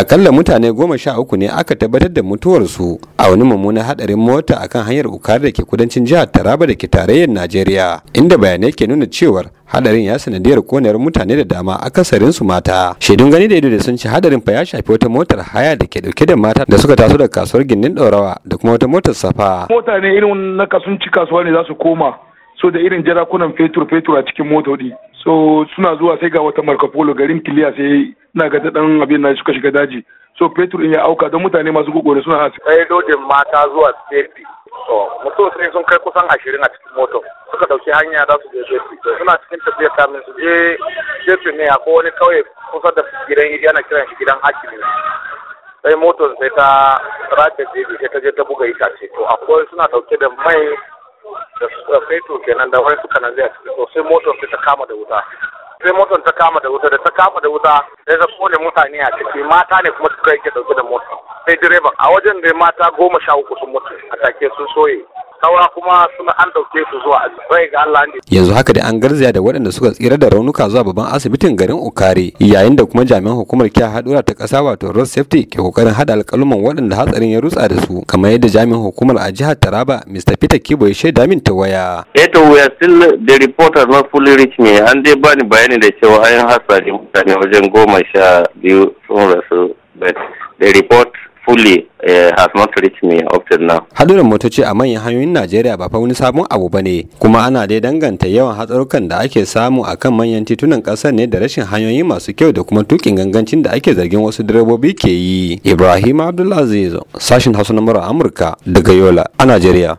akalla mutane goma sha uku ne aka tabbatar da mutuwarsu a wani mummunan hadarin mota a kan hanyar ukar da ke kudancin jihar taraba da ke tarayyar najeriya inda bayanai ke nuna cewar hadarin ya sanadiyar konar mutane da dama akasarin su mata shaidun gani da ido da sun ci hadarin fa ya shafi wata motar haya da ke dauke da mata da suka taso daga kasuwar ginin dorawa da kuma wata motar safa mota ne irin na kasunci kasuwa ne za su koma so da irin jarakunan fetur fetur a cikin mota so suna zuwa sai ga wata marco garin kiliya sai ina ga ta dan abin na suka shiga daji so fetur in ya auka don mutane masu gogore suna hasi kai lodin mata zuwa safety to mutum sai sun kai kusan ashirin a cikin motor suka dauki hanya za su je safety suna cikin tafiya kamin su je safety ne akwai wani kauye kusa da gidan idi na kiran shi gidan hakimi sai motar sai ta rata jeji sai ta je ta buga itace to akwai suna dauke da mai da fetur kenan da wani suka na zai a ciki to sai motar sai ta kama da wuta sai motar ta kama da wuta da ta kama da wuta sai ta kone mutane a ciki mata ne kuma suka yake dauke da mota sai direban a wajen dai mata goma sha uku sun mutu a take sun soye kawa kuma suna an dauke su zuwa asibiti ga Allah ne yanzu haka dai an garzaya da waɗanda suka tsira da raunuka zuwa babban asibitin garin Okare yayin da kuma jami'an hukumar kiyaye hadura ta ƙasa wato Road Safety ke kokarin hada alƙaluman waɗanda hatsarin ya rutsa da su kamar yadda jami'an hukumar a jihar Taraba Mr Peter Kibo ya shaida min ta waya eto eh we are still the reporter not fully reach me an dai bani bayani da cewa an yi hatsari mutane wajen goma sha biyu sun rasu but the report fully Eh, has not reached me up till now. Hadurin motoci a manyan hanyoyin Najeriya ba fa wani sabon abu ba ne, kuma ana dai danganta yawan hatsarukan da ake samu a kan manyan titunan ƙasar ne da rashin hanyoyi masu kyau da kuma tukin gangancin da ake zargin wasu direbobi ke yi. Ibrahim Abdulaziz, sashin Hausa na Amurka daga Yola a Najeriya.